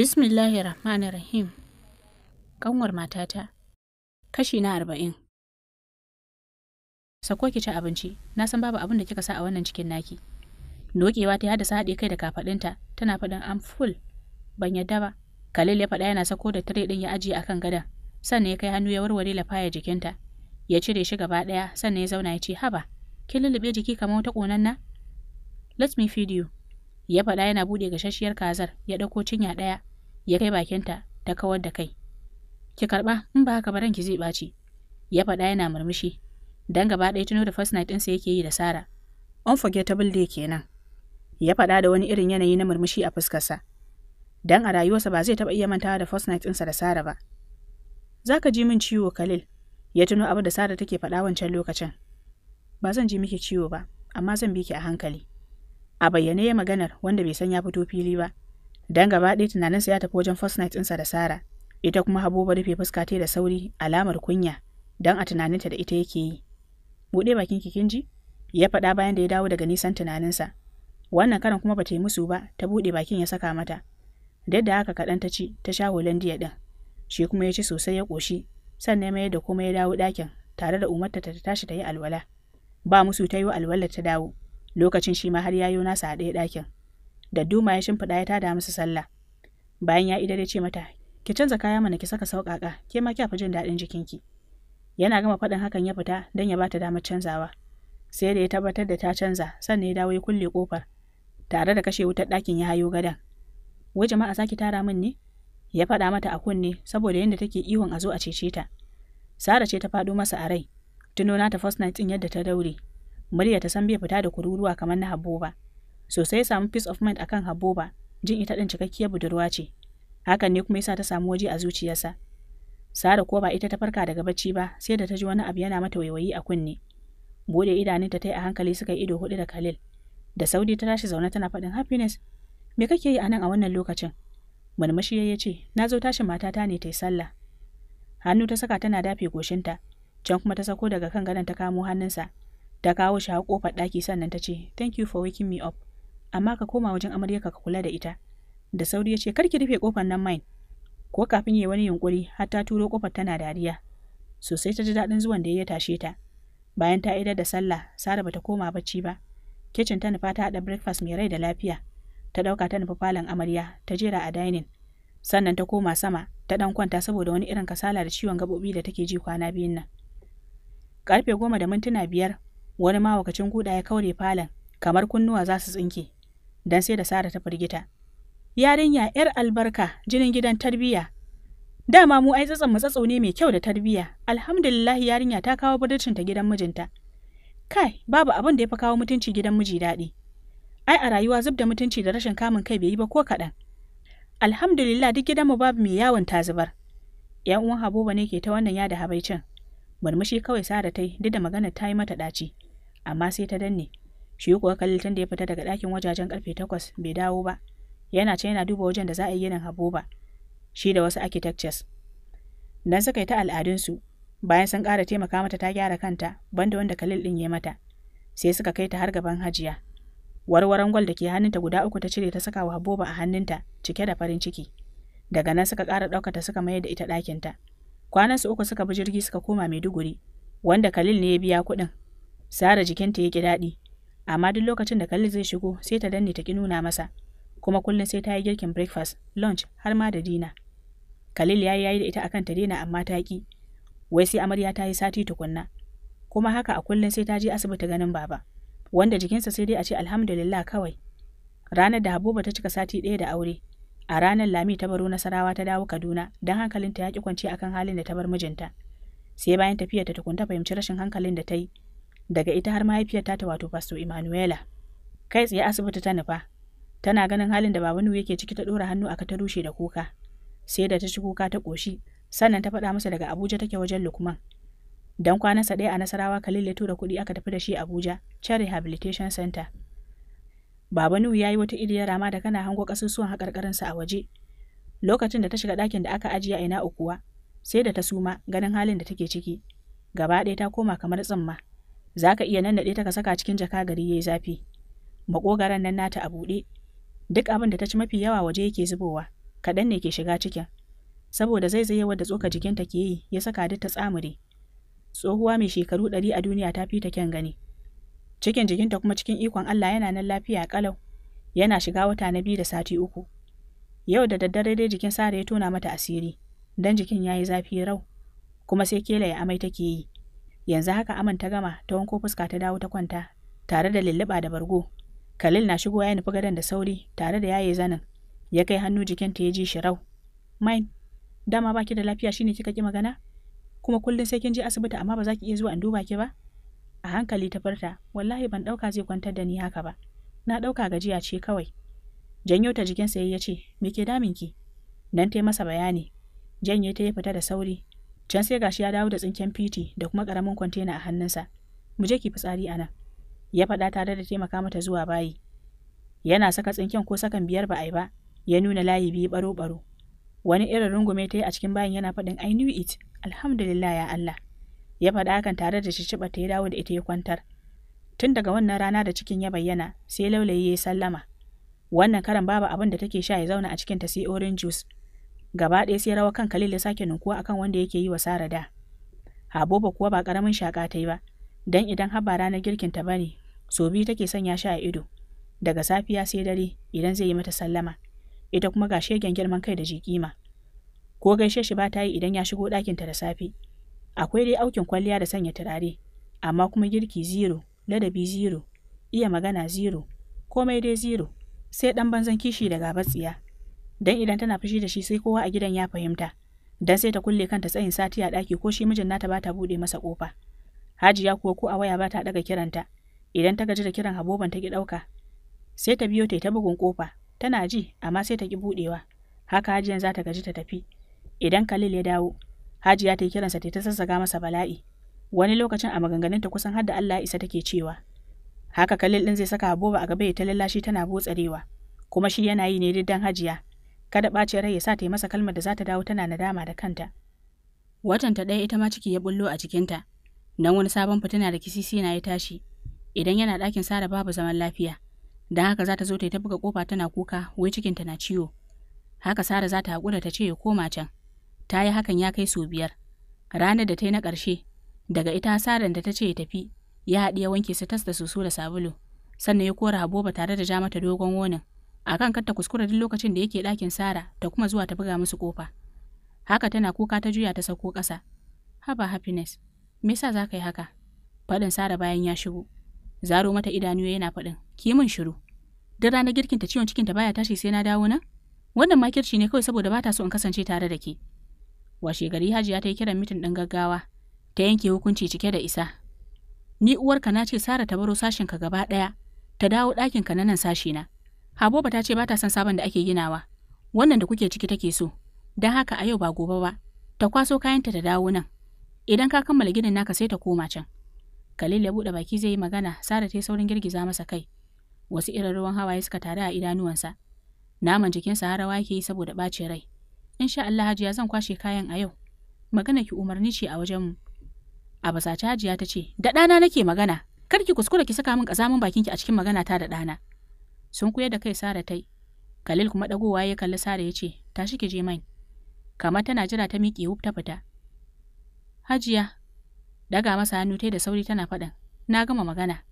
Bismillahir Rahmanir Rahim. Kanwar matata. Kashi na arba'in. Sako ki ci abinci, na san babu abin da kika sa a wannan cikin naki. Nokewa ta haddasa haɗe kai da kafaɗinta, tana faɗin am full. Ban yadda ba. Khalil ya faɗa yana sako da tire din ya ajiye akan gadon. Sannan ya kai hannu ya warware lafaya jikinta. Ya cire shi gaba ɗaya, sannan ya zauna ya ce haba. Kin lullube jiki kamar wata ƙonanna? Let me feed you. Ya faɗa yana buɗe gashashshiyar kazar, ya ɗauko cinya ɗaya, ya kai bakinta ta kawar da kai ki karba in ba haka ba ranki zai ɓaci ya faɗa yana murmushi dan gaba ɗaya tuno da first night sa yake yi da Sara unforgettable day kenan ya faɗa da wani irin yanayi na murmushi a fuskarsa dan a rayuwarsa ba zai taɓa iya mantawa da first night ɗinsa da Sara ba zaka ji min ciwo Khalil ya tuno abin da Sara take faɗa wancan lokacin ba zan ji miki ciwo ba amma zan bi ki a hankali a bayyane ya maganar wanda bai san ya fito fili ba Dan gaba ɗaya tunaninsa ya tafi wajen first night ɗinsa da Sara, ita kuma Habuba rufe fuska ta da sauri alamar kunya, dan a tunaninta da ita yake yi. Buɗe bakin ki kin ji? Ya faɗa bayan da ya dawo daga nisan tunaninsa. Wannan karan kuma ba ta yi musu ba, ta buɗe bakin ya saka mata. Duk da haka kaɗan ta ci, ta sha holandiya ɗin. Shi kuma ya ci sosai ya ƙoshi, sannan mayar da kuma ya dawo ɗakin tare da umarta ta tashi ta yi alwala. Ba musu ta yi alwalar ta dawo, lokacin shi ma har yayo nasa a ɗaya ɗakin. da duma ya shimfiɗa ya tada musu sallah bayan ya idar ya ce mata ki canza kaya mana ki saka sauƙaƙa ke ma kya fi jin daɗin jikinki yana gama faɗin hakan ya fita don ya bata damar canzawa sai da ya tabbatar da ta canza sannan ya dawo ya kulle kofar tare da kashe wutar ɗakin ya hayo gadan wai jama'a saki tara min ne ya faɗa mata a kunne saboda yadda take ihun a zo a cece ta sara ce ta faɗo masa a rai tuno ta first night yadda ta daure murya ta san bai fita da kururuwa kamar na habbo ba sosai ya samu peace of mind akan Haboba jin ita ɗin cikakkiyar budurwa ce hakan ne kuma yasa ta samu waje a zuciyarsa Sara ko ba ita ta farka daga bacci ba sai da ta ji wani abu yana mata waiwayi a kunne bude idanunta ta yi a hankali suka yi ido hudu da Khalil da Saudi ta tashi zaune tana faɗin happiness me kake yi a nan a wannan lokacin murmushi ya ce na zo tashin matata ne ta yi sallah hannu ta saka tana dafe goshinta can kuma ta sako daga kan gadon ta kamo hannunsa ta kawo shi a kofar ɗaki sannan ta ce thank you for waking me up amma ka koma wajen amaryarka ka kula da ita da sauri ya ce kar ki rufe kofar nan mine ko kafin ya wani yunkuri har ta turo kofar tana dariya sosai ta ji daɗin zuwan da ya tashe ta bayan ta idar da sallah sara bata koma bacci ba kicin ta nufa ta haɗa breakfast mai rai da lafiya ta ɗauka ta nufa falon amarya ta jera a dining sannan ta koma sama ta ɗan kwanta saboda wani irin kasala da ciwon gaɓoɓi da take ji kwana biyun nan karfe goma da mintuna biyar wani mawakacin guda ya kaure falon kamar kunnuwa za su tsinke dan sai da Sara ta firgita. Yarinya 'yar albarka jinin gidan tarbiyya. Dama mu ai tsatsan matsatso ne mai kyau da tarbiyya. Alhamdulillah yarinya ta kawo budurcin ta gidan mijinta. Kai, babu abin da ya fi kawo mutunci gidan miji daɗi. Ai a rayuwa zub da mutunci da rashin kamun kai bai yi ba ko kaɗan. Alhamdulillah duk gidanmu babu mai yawon ta zubar. ‘Yan uwan Habuba ne ke ta wannan yada habaicin. Murmushi kawai Sara ta yi duk da magana ta yi mata ɗaci, amma sai ta danne. shi kuwa kalil tun da ya fita daga ɗakin wajajen karfe takwas bai dawo ba yana ce yana duba wajen da za a yi yinin habo ba shi da wasu architectures dan suka yi ta al'adunsu bayan sun ƙara taimaka mata ta gyara kanta banda wanda kalil din ya mata sai suka kai ta har gaban hajiya warwaran gwal da ke hannunta guda uku ta cire ta saka wa haboba a hannunta cike da farin ciki daga nan suka ƙara ɗaukata suka mayar da ita ɗakinta kwanansu uku suka bi jirgi suka koma maiduguri wanda kalil ne ya biya kuɗin sara jikinta ya ƙi daɗi amma duk lokacin da Khalil zai shigo sai ta danne ta ki nuna masa kuma kullum sai ta yi girkin breakfast lunch har ma da dina Khalil ya yi yayi da ita akan ta dina amma ta ki wai sai amarya ta yi sati tukunna kuma haka a kullum sai ta je asibiti ganin baba wanda jikinsa sai dai a ce alhamdulillah kawai ranar da habuba ta cika sati ɗaya da aure a ranar lami ta baro nasarawa ta dawo kaduna don hankalinta ya ki kwance akan halin da ta bar mijinta sai bayan tafiya ta tukunta fahimci rashin hankalin da ta yi daga ita har mahaifiyar ta wato Pastor Emanuela. Kai tsaye asibiti ta nufa, tana ganin halin da Baba Nuhu yake ciki ta ɗora hannu aka ta rushe da kuka. Sai da ta ci kuka ta ƙoshi, sannan ta faɗa masa daga Abuja take wajen Lukman. Dan kwanansa ɗaya a Nasarawa Khalil ya tura kuɗi aka tafi da shi Abuja, can Rehabilitation Center. Baba Nuhu ya yi wata iliyar rama da kana hango ƙasusuwan haƙarƙarinsa a waje. Lokacin da ta shiga ɗakin da aka ajiye ina ukuwa, sai da ta suma ganin halin da take ciki. Gaba ɗaya ta koma kamar tsumma. za ka iya nannaɗe ta ka saka cikin jaka gari ya yi zafi maƙogaran nan nata a buɗe duk abin da ta ci mafi yawa waje yake zubowa kaɗan ne ke shiga cikin saboda zai yawa da tsoka jikin ta ke yi ya saka duk ta tsamure tsohuwa mai shekaru ɗari a duniya ta fi ta kyan gani cikin jikinta kuma cikin ikon Allah yana nan lafiya kalau yana shiga wata na biyu da sati uku yau da daddare dai jikin sare ya tona mata asiri dan jikin yayi zafi rau kuma sai kela ya amai take yi yanzu haka aman ta gama ta wanko fuska ta dawo ta kwanta tare da lulluɓa da bargo Khalil na shigo ya nufi gadon da sauri tare da yaye zanin ya kai hannu jikin ta ya ji shi rau main dama baki da lafiya shine kika ki magana kuma kullum sai kin je asibiti amma ba za ki iya zuwa in duba ki ba a hankali ta farta wallahi ban dauka zai kwantar da ni haka ba na dauka gajiya ce kawai janyo ta jikinsa ya ce me ke damin ki nan ta masa bayani janye ta ya fita da sauri Can sai gashi ya dawo da tsinken fiti da kuma karamin kwantena a hannunsa. Mu je ki fitsari a nan. Ya faɗa tare da taimaka mata zuwa bayi. Yana saka tsinken ko sakan biyar ba a yi ba, ya nuna layi biyu baro-baro. Wani irin rungume ta yi a cikin bayin yana faɗin I knew it, alhamdulillah ya Allah. Ya faɗa hakan tare da shishiba ta ya dawo da ita ya kwantar. Tun daga wannan rana da cikin ya bayyana, sai laulayi ya sallama. Wannan karan babu abin da take sha ya zauna a cikin ta sai orange juice. Gaba ɗaya sai rawa kan Khalil ya sake ninkuwa akan wanda yake yi wa Sara da. Haboba kuwa ba ƙaramin shaƙa ta yi ba, don idan habara ranar girkin ta bane, so biyu take sanya shi a ido. Daga safiya sai dare idan zai yi mata sallama, ita kuma ga shegen girman kai da jikima. Ko gaishe shi ba ta yi idan ya shigo ɗakin ta da safe. Akwai dai aukin kwalliya da sanya turare, amma kuma girki zero, ladabi zero, iya magana zero, komai dai zero, sai ɗan banzan kishi da gabatsiya. dan idan tana fushi da shi sai kowa a gidan ya fahimta dan sai ta kulle kanta tsayin sati a ɗaki ko shi mijin nata ba ta buɗe masa kofa hajiya kuwa ko a waya ba ta daga kiranta idan ta gaji da kiran haboban ta ki ɗauka sai ta biyo ta ta bugun kofa tana ji amma sai ta ki buɗewa haka hajiyan za ta gaji ta tafi idan kalil ya dawo hajiya ta yi kiransa ta ta sassaka masa bala'i wani lokacin a maganganunta kusan har da Allah ya isa take cewa haka kalil ɗin zai saka haboba a gaba ya ta lallashi tana botsarewa kuma shi yana yi ne diddan hajiya kada ɓace rai ya sa ta yi masa kalmar da za ta dawo tana nadama da kanta. Watanta ɗaya ita ma ciki ya bullo a cikinta, nan wani sabon fitina da kisisi na ya tashi, idan yana ɗakin Sara babu zaman lafiya, don haka za ta zo ta yi ta buga ƙofa tana kuka, wai cikinta na ciwo. Haka Sara za ta haƙura ta ce ya koma can, ta yi hakan ya kai sau biyar. Ranar da ta yi na ƙarshe, daga ita Saran da ta ce ya tafi, ya haɗi ya wanke su tas da soso da sabulu, sannan ya kora Habuba tare da ja mata dogon wonin, A akan kanta kuskura duk lokacin da yake ɗakin Sara ta kuma zuwa ta buga musu kofa. Haka tana kuka ta juya ta sauko ƙasa. Haba happiness, me yasa za ka yi haka? Faɗin Sara bayan ya shigo. Zaro mata idanu yana faɗin, ki min shiru. Duk ranar girkin ta ciwon cikin ta baya tashi sai na dawo nan? Wannan makirci ne kawai saboda bata so in kasance tare da ke. Washe gari Hajiya ta yi kiran mitin ɗin gaggawa, ta yanke hukunci cike da isa. Ni uwarka na ce Sara ta baro sashinka gaba ɗaya, ta dawo ɗakinka na nan sashina. na. Habuba ta ce ba ta son sabon da ake ginawa. Wannan da kuke ciki take so. Don haka a yau ba gobe ba. Ta kwaso kayanta ta dawo nan. Idan ka kammala ginin naka sai ta koma can. Khalil ya buɗe baki zai yi magana, Sara ta yi saurin girgiza masa kai. Wasu irin ruwan hawaye suka tare a idanuwansa. Naman jikinsa harawa yake yi saboda ɓacin rai. In sha Allah Hajiya zan kwashe kayan a yau. Magana ki umarni ce a wajen A basace Hajiya ta ce, "Da ɗana nake magana, kar ki kuskura ki saka min ƙazamin bakinki a cikin magana ta da ɗana." sun kuya da kai Sara tai. Khalil kuma dagowa ya kalli Sara ya ce, "Tashi ki je mai. Kamar tana jira ta miƙe wuf ta fita. Hajiya daga masa hannu tai da sauri tana faɗan, "Na gama magana."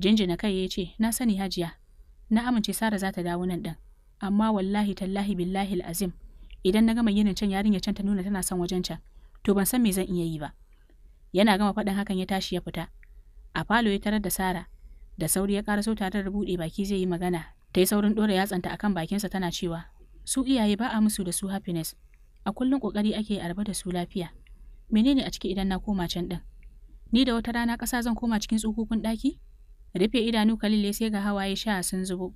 Jinjina kai ya ce, "Na sani Hajiya, na amince Sara za ta dawo nan ɗin, amma wallahi tallahi billahi azim idan na gama yinin can yarinya can ta nuna tana son wajen can, to ban san me zan iya yi ba." Yana gama faɗin hakan ya tashi ya fita. A falo ya tarar da Sara, da sauri ya ƙara tare da buɗe baki zai yi magana ta yi saurin ɗora yatsanta akan bakinsa tana cewa su iyaye ba a musu da su happiness a kullum ƙoƙari ake arba da su lafiya menene a ciki idan na koma can ɗin ni da wata rana ƙasa zan koma cikin tsukukun ɗaki rufe idanu kalile sai ga hawaye sha sun zubo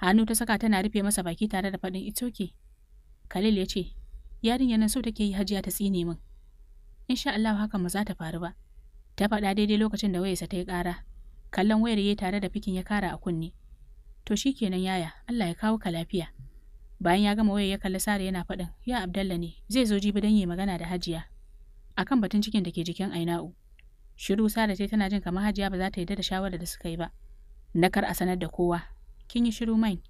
hannu ta saka tana rufe masa baki tare da faɗin it's okay Khalil ya ce, yarinyar nan so take yi hajiya ta tsine min. Insha Allah haka ba za ta faru ba. Ta faɗa daidai lokacin da wayarsa ta yi ƙara. Kallon wayar yayi tare da fikin ya kara a kunne. To shi kenan yaya, Allah ya kawo ka lafiya. Bayan ya gama wayar ya kalli Sare yana faɗin, "Ya Abdalla ne, zai zo jibi don yi magana da Hajiya." Akan batun cikin da ke jikin Aina'u. Shiru Sare ce tana jin kamar Hajiya ba za ta yarda da shawarar da suka yi ba. Na kar a sanar da kowa. Kin yi shiru main.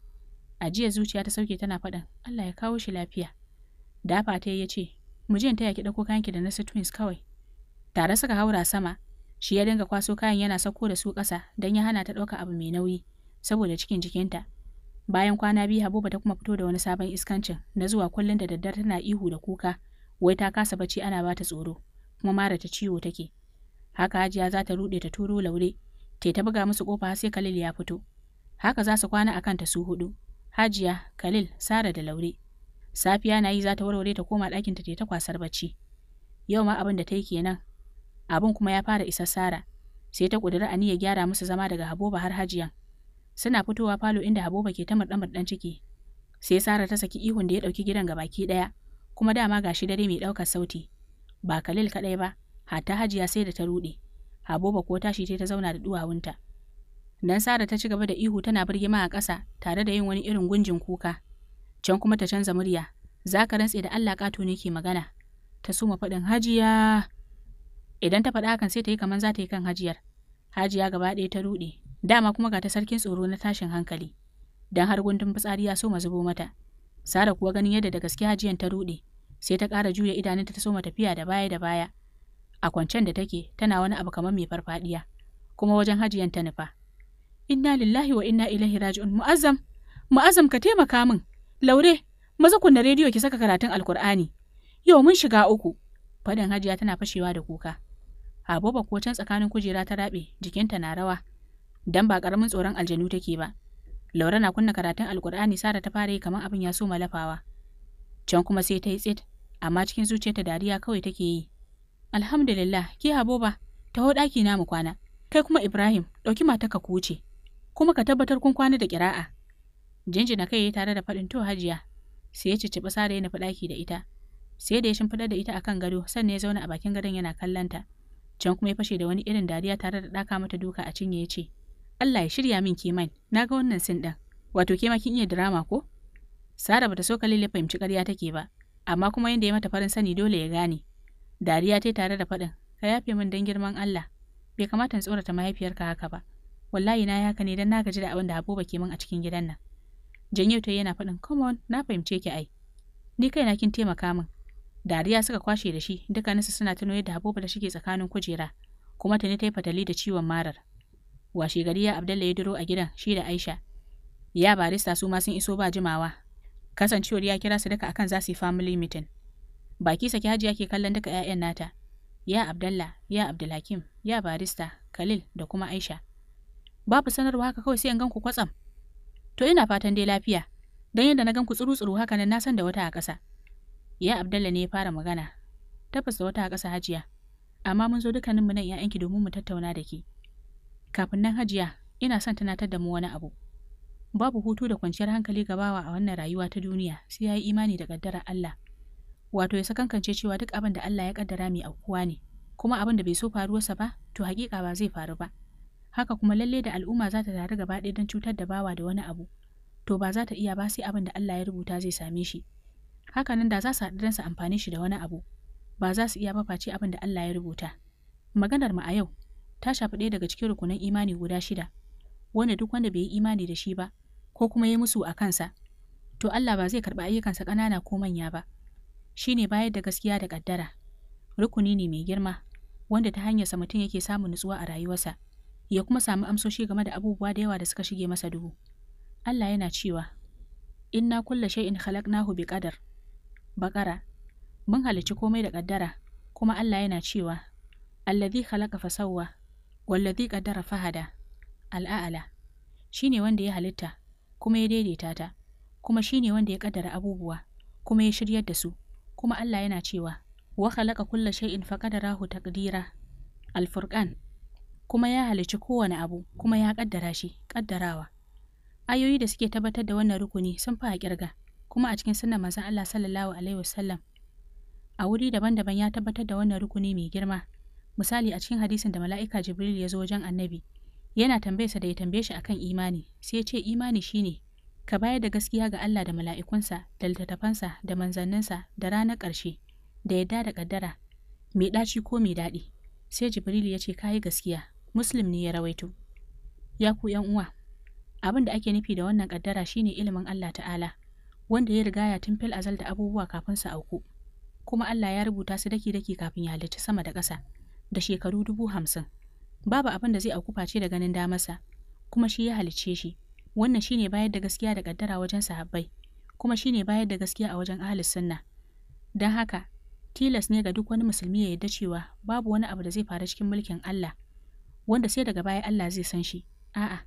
Ajiya zuciya ta sauke tana faɗin, "Allah ya kawo shi lafiya." Dafa ta ya ce, "Mu je in taya ki ɗauko kayanki da na twins kawai." Tare suka haura sama, Shi ya dinga kwaso kayan yana sauko da su ƙasa don ya hana ta ɗauka abu mai nauyi saboda cikin jikinta. Bayan kwana biyu Habuba ta kuma fito da wani sabon iskancin na zuwa kullum da daddare tana ihu da kuka wai ta kasa bacci ana bata tsoro kuma mara ta ciwo take. Haka Hajiya za ta ruɗe ta turo laure te ta buga musu kofa sai Kalil ya fito. Haka za su kwana akan ta su hudu. Hajiya, Kalil, Sara da Laure. Safiya na yi za ta warware ta koma ɗakinta ta ta kwasar bacci. Yau ma abin da ta yi kenan abin kuma ya fara isa Sara, sai ta ƙudiri aniyar gyara musu zama daga Haboba har Hajiyan. Suna fitowa falo inda Haboba ke ta murɗan ciki. Sai Sara ta saki ihun da ya ɗauki gidan gabaki ɗaya, kuma dama shi dare mai ɗaukar sauti. Ba Khalil kaɗai ba, ta Hajiya sai da ta ruɗe. Haboba ko tashi ta zauna da duwawunta. Dan Sara ta ci gaba da ihu tana birgima a ƙasa tare da yin wani irin gunjin kuka. Can kuma ta canza murya, za ka rantse da Allah ƙato ne ke magana. Ta suma faɗin Hajiya, idan ta faɗa hakan sai ta yi kamar za ta yi kan hajiyar hajiya gaba ɗaya ta ruɗe dama kuma ga ta sarkin tsoro na tashin hankali dan har gundun fitsari ya so zubo mata sara kuwa ganin yadda da gaske hajiyan ta ruɗe sai ta ƙara juya idanunta ta soma tafiya da baya da baya a kwancen da take tana wani abu kamar mai farfadiya kuma wajen hajiyan ta nufa inna lillahi wa inna ilaihi raji'un mu'azzam mu'azzam ka taimaka min laure maza kunna rediyo ki saka karatun alkur'ani yau mun shiga uku faɗin hajiya tana fashewa da kuka Abuba ko can tsakanin kujera ta raɓe, jikinta na rawa, dan ba ƙaramin tsoron aljanu take ba. Laura na kunna karatun Alqur'ani Sara ta fara yi kamar abin ya so malafawa. Can kuma sai ta yi tsit, amma cikin zuciyarta dariya kawai take yi. Alhamdulillah, ki ta taho ɗaki na mu kwana. Kai kuma Ibrahim, ɗauki mata ka kuce. Kuma ka tabbatar kun kwana da kira'a Jinjina kai ya tare da faɗin to hajiya, sai ya cicciɓi Sara ya nufi ɗaki da ita. Sai da ya shimfiɗar da ita akan gado, sannan ya zauna a bakin gadon yana kallon ta. Can kuma ya fashe da wani irin dariya tare da ɗaka mata duka a cinye ya ce, Allah ya shirya min kiman, na ga wannan sin ɗin. Wato ke ma kin iya dirama ko? Sara bata so Khalil ya fahimci ƙarya take ba, amma kuma yadda ya mata farin sani dole ya gane. Dariya ta tare da faɗin, ka yafe min dan girman Allah. Bai kamata in tsorata mahaifiyarka haka ba. Wallahi na haka ne dan na gaji da abinda da ke min a cikin gidan nan. Janyo ta yana faɗin, "Come on, na fahimce ki ai." Ni kaina kin taimaka min, dariya suka kwashe da shi dukkaninsu suna tuno yadda habuba da shige tsakanin kujera kuma tuni ta yi fatali da ciwon marar washe gari ya abdalla ya duro a gidan shi da aisha ya barista su ma sun iso ba jimawa kasancewar ya kira su duka akan za su yi family meeting baki saki hajiya ke kallon duka 'ya'yan nata ya abdalla ya abdulhakim ya barista khalil da kuma aisha babu sanarwa haka kawai sai in gan ku kwatsam to ina fatan dai lafiya don yadda na gan ku tsuru-tsuru haka nan na san da wata a ƙasa Ya Abdalla ne ya fara magana. Tabbas da wata a ƙasa Hajiya. Amma mun zo mu nan ‘ya'yanki domin mu tattauna da ke. Kafin nan Hajiya, ina son tunatar da mu wani abu. Babu hutu da kwanciyar hankali ga bawa a wannan rayuwa ta duniya sai ya yi imani da kaddara Allah. Wato ya sakankance cewa duk abin da Allah ya kaddara mai aukuwa ne, kuma abin da bai so faruwarsa ba, to haƙiƙa ba zai faru ba. Haka kuma lalle da al'umma za ta taru gaba ɗaya don cutar da bawa da wani abu, to ba za ta iya ba sai abin da Allah ya rubuta zai same shi. hakanan da za su haɗu don su amfani shi da wani abu ba za su iya ba face abin da Allah ya rubuta maganar mu a yau ta shafi ɗaya daga cikin rukunin imani guda shida wanda duk wanda bai yi imani da shi ba ko kuma ya musu a kansa to Allah ba zai karɓi ayyukansa ƙanana ko manya ba Shi ne bayar da gaskiya da ƙaddara rukuni ne mai girma wanda ta hanyar sa mutum yake samun nutsuwa a rayuwarsa ya kuma samu amsoshi game da abubuwa da yawa da suka shige masa duhu Allah yana cewa inna kulla shay'in khalaqnahu ƙadar. Bakara mun halicci komai da ƙaddara kuma Allah yana cewa allazi khalaqa fasawwa wallazi qaddara fahada al'a'ala shine wanda ya halitta kuma ya daidaita ta kuma shine wanda ya ƙaddara abubuwa kuma ya shiryar da su kuma Allah yana cewa wa khalaqa kulla shay'in faqadarahu taqdira al-furqan kuma ya halici kowane abu kuma ya ƙaddara shi ƙaddarawa. ayoyi da suke tabbatar da wannan rukuni sun fi a ƙirga kuma a cikin sunan manzon Allah sallallahu alaihi wasallam a wuri daban-daban ya tabbatar da wannan rukuni mai girma misali a cikin hadisin da mala'ika Jibril ya zo wajen Annabi yana tambayarsa da ya tambaye shi akan imani sai ya ce imani shine ka bayar da gaskiya ga Allah da mala'ikunsa da littattafansa da manzanninsa da ranar ƙarshe da yadda da kaddara mai ɗaci ko mai daɗi sai Jibril ya ce kayi gaskiya Muslim ne ya rawaito ya ku ‘yan uwa abin da ake nufi da wannan ƙaddara shine ilimin Allah ta'ala wanda ya riga ya tun fil azal da abubuwa kafin su auku kuma Allah ya rubuta su daki-daki kafin ya halitta sama da ƙasa da shekaru dubu hamsin babu abin da zai auku face da ganin damarsa kuma shi ya halicce shi wannan shine bayar da gaskiya da kaddara wajen sahabbai kuma shine bayar da gaskiya a wajen ahlus sunna dan haka tilas ne ga duk wani musulmi ya yarda cewa babu wani abu da zai faru cikin mulkin Allah wanda sai daga baya Allah zai san shi a'a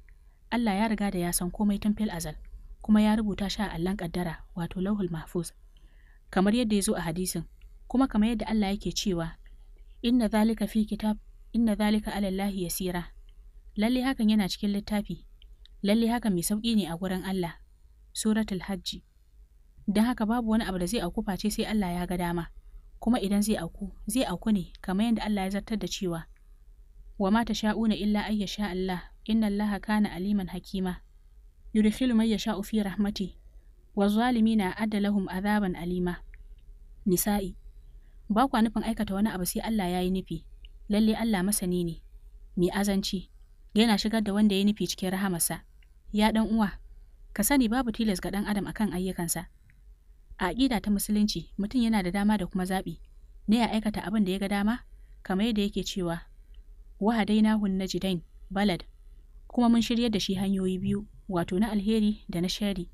Allah ya riga da ya san komai tun fil azal kuma ya rubuta shi a allon kaddara wato lauhul mahfuz kamar yadda ya zo a hadisin kuma kamar yadda Allah yake cewa inna zalika fi kitab inna zalika ala Allah yasira lalle hakan yana cikin littafi lalle hakan mai sauki ne a gurin Allah suratul hajji don haka babu wani abu da zai auku face sai Allah ya ga dama kuma idan zai auku zai auku ne kamar yadda Allah ya zartar da cewa wa ma tasha'una illa ayya sha Allah inna Allah kana aliman hakima yudkhilu ya sha ufi rahmati na adda lahum azaban alima nisa'i ba kwa nufin aikata wani abu sai Allah ya yi nufi lalle Allah masani ne mai azanci yana shigar da wanda ya nufi cikin rahamarsa ya dan uwa ka sani babu tilas ga dan adam akan ayyukansa a aƙida ta musulunci mutum yana da dama da kuma zaɓi ne ya aikata abin da ya ga dama kamar yadda yake cewa wahadaina hunna Jidain balad kuma mun shiryar da shi hanyoyi biyu wato na alheri da na shari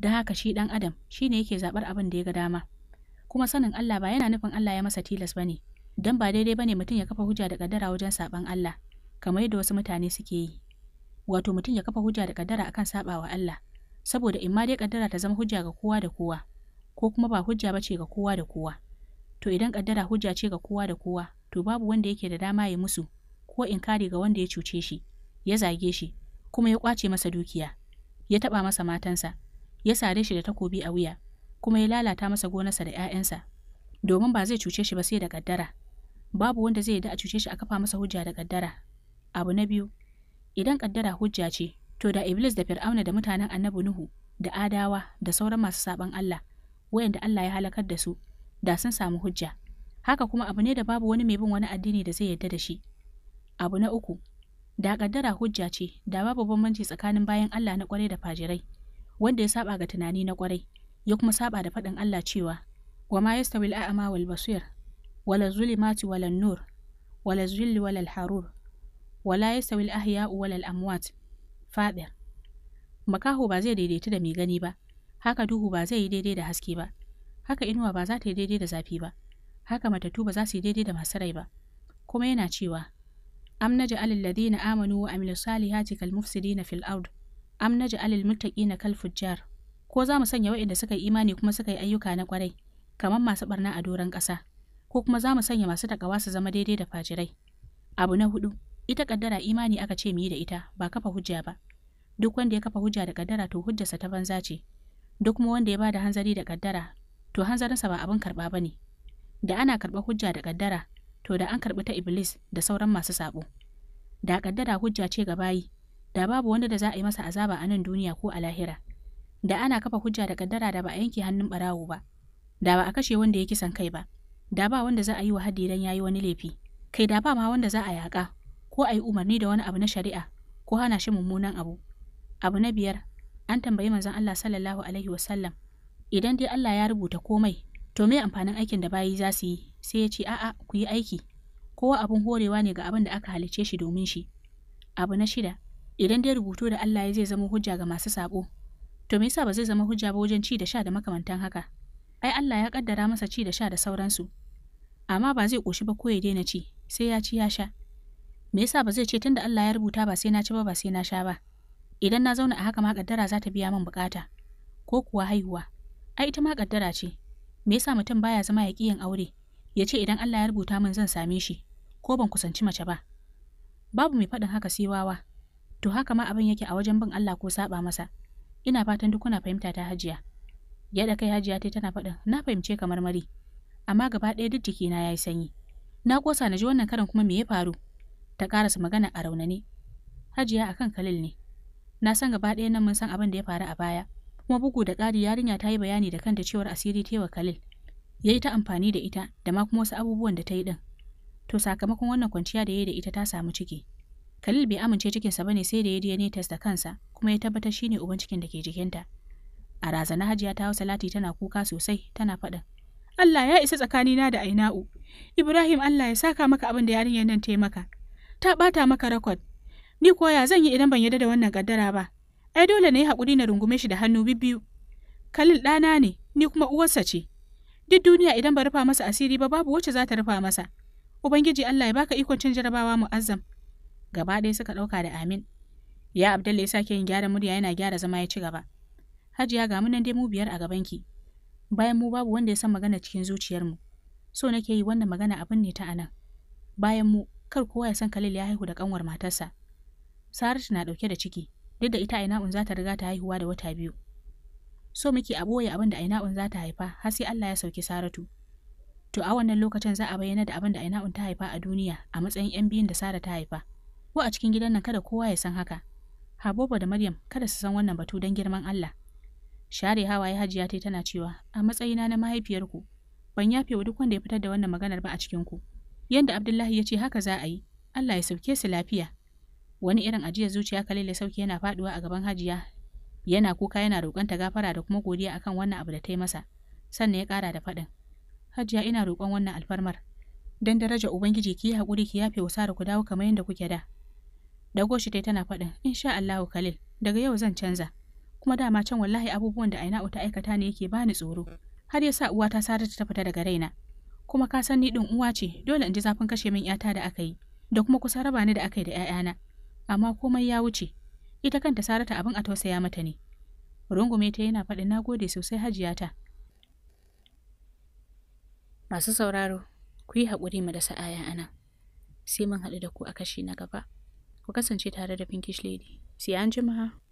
da haka shi dan adam shi ne yake zaɓar abin da ya ga dama kuma sanin Allah ba yana nufin Allah ya masa tilas ba ne don ba daidai ba ne mutum ya kafa hujja da ƙaddara wajen saɓan Allah kamar yadda wasu mutane suke yi wato mutum ya kafa hujja da ƙaddara akan saɓawa Allah saboda in ma dai ƙaddara ta zama hujja ga kowa da kowa ko kuma ba hujja ba ce ga kowa da kowa to idan ƙaddara hujja ce ga kowa da kowa to babu wanda yake da dama ya musu ko in kare ga wanda ya cuce shi ya zage shi kuma ya kwace masa dukiya ya taba masa matansa ya sare shi da takobi a wuya kuma ya lalata masa gonarsa da 'ya'yansa domin ba zai cuce shi ba sai da kaddara babu wanda zai yarda a cuce shi a kafa masa hujja da kaddara abu na biyu idan kaddara hujja ce to da iblis da fir'auna da mutanen annabi nuhu da adawa da sauran masu saban Allah wayanda Allah ya halakar da su da sun samu hujja haka kuma abu ne da babu wani mai bin wani addini da zai yarda da shi abu na uku da kaddara hujja ce da babu bambanci tsakanin bayan Allah na kwarai da fajirai wanda ya saba ga tunani na kwarai ya kuma saba da faɗin Allah cewa wa ma yastawil ama wal basir wala zulimati wala nur wala zulli wala harur wala yastawil ahya'u ahya wala al-amwat fadir makaho ba zai daidaita da mai gani ba haka duhu ba zai yi daidai da haske ba haka inuwa ba za ta yi daidai da zafi ba haka Matatu ba za su yi daidai da masu rai ba kuma yana cewa am ladi na amanu wa amilus salihati kal mufsidina fil ard am naj'al al na ko za mu sanya waɗanda suka yi imani kuma suka yi ayyuka na kwarai kamar masu barna a doron ƙasa ko kuma za mu sanya masu takawa su zama daidai da fajirai abu na hudu ita kaddara imani aka ce mu yi da ita ba kafa hujja ba duk wanda ya kafa hujja da kaddara to hujjarsa ta banza ce duk kuma wanda ya bada hanzari da kaddara to hanzarinsa ba abin karɓa ba ne? da ana karba hujja da kaddara to da an karɓi ta Iblis da sauran masu saɓo. Da ƙaddara hujja ce ga bayi, da babu wanda da za a yi masa azaba a nan duniya ko a lahira. Da ana kafa hujja da kaddara da ba a yanke hannun ɓarawo ba, da ba a kashe wanda ya kisan kai ba, da ba wanda za a yi wa haddi idan ya yi wani laifi, kai da ba ma wanda za a yaƙa, ko a yi umarni da wani abu na shari'a, ko hana shi mummunan abu. Abu na biyar, an tambayi manzon Allah sallallahu alaihi wasallam, idan dai Allah ya rubuta komai, to me amfanin aikin da bayi za su yi sai ya ce a'a ku yi aiki kowa abin horewa ne ga abin da aka halice shi domin shi abu na shida idan dai rubutu da Allah ya zai zama hujja ga masu sabo to me yasa ba zai zama hujja ba wajen ci da sha da makamantan haka ai Allah ya kaddara masa ci da sha da sauransu amma ba zai koshi ba ko ya daina ci sai ya ci ya sha me yasa ba zai ce tunda Allah ya rubuta ba sai na ci ba ba sai na sha ba idan na zauna a haka ma kaddara za ta biya min bukata ko kuwa haihuwa ai ita ma kaddara ce me yasa mutum baya zama ya yin aure ya ce idan Allah ya rubuta min zan same shi ko ban kusanci mace ba babu mai faɗin haka sai wawa to haka ma abin yake a wajen bin Allah ko saba masa ina fatan duk kuna fahimta ta hajiya da kai hajiya tai tana faɗin na fahimce kamar mari amma gaba ɗaya duk jiki na yayi sanyi na kosa na ji wannan karin kuma me ya faru ta karasa magana a raunane hajiya akan kalil ne na san gaba ɗaya nan mun san abin da ya faru a baya kuma bugu da ƙari yarinya ta yi bayani da kanta cewar asiri tewa kalil ya yi ta amfani da ita da ma kuma wasu abubuwan da ta yi ɗin. To sakamakon wannan kwanciya da ya yi da ita ta samu ciki. Khalil bai amince cikinsa ne sai da ya DNA test da kansa kuma ya tabbatar shi ne uban cikin da ke jikinta. A razana Hajiya ta hausa lati tana kuka sosai tana faɗin. Allah ya isa tsakanina da Aina'u. Ibrahim Allah ya saka maka abin da yarinyar nan ta yi maka. Ta ɓata maka rakwad. Ni koya zan yi idan ban yadda da wannan kaddara ba. Ai dole na yi hakuri na rungume shi da hannu bibbiyu. Khalil ɗana ne, ni kuma uwarsa ce. duk duniya idan ba rufa masa asiri ba babu wacce za ta rufa masa ubangiji Allah ya baka ikon cin jarabawa mu'azzam gaba ɗaya suka ɗauka da amin ya abdalla ya sake yin gyara murya yana gyara zama ya ci gaba hajiya ga nan dai mu biyar a gaban ki. bayan mu babu wanda ya san magana cikin zuciyarmu so nake yi wannan magana abin ne ta anan bayan mu kar kowa ya san Kalil ya haihu da kanwar matarsa Saratu na dauke da ciki duk da ita Aina'un za ta riga ta haihuwa da wata biyu so muke a boye abin da Aina'un za ta haifa har sai Allah ya sauki Saratu. To a wannan lokacin za a bayyana da abin da Aina'un ta haifa a duniya a matsayin 'yan biyun da Sara ta haifa. Ko a cikin gidan nan kada kowa ya san haka. Haboba da Maryam kada su san wannan batu don girman Allah. Share hawaye hajiya tai tana cewa a matsayina na mahaifiyarku ban yafe wa duk wanda ya fitar da wannan maganar ba a cikin ku. Yanda Abdullahi ya ce haka za a yi, Allah ya sauke su lafiya. Wani irin ajiyar zuciya Khalil ya sauke yana faduwa a gaban Hajiya yana kuka yana roƙon ta gafara da kuma godiya akan wannan abu da ta yi masa sannan ya ƙara da faɗin hajiya ina roƙon wannan alfarmar dan daraja ubangiji ki yi haƙuri ki yafe wasara ku dawo kamar yadda kuke da dago shi tana faɗin insha Allahu Khalil daga yau zan canza kuma dama can wallahi abubuwan da Aina'u ta aikata ne yake bani tsoro har ya sa uwata Saratu ta fita daga raina kuma ka san ni din uwa ce dole in ji zafin kashe min yata da aka yi da kuma kusa raba ni da aka yi da 'ya'yana amma komai ya wuce ita kanta sarata abin a tausaya mata ne rungume ta yana faɗin na gode sosai hajiyata masu sauraro ku yi haƙuri mu da sa'aya anan sai mun haɗu da ku a kashi na gaba ku kasance tare da pinkish lady sai an jima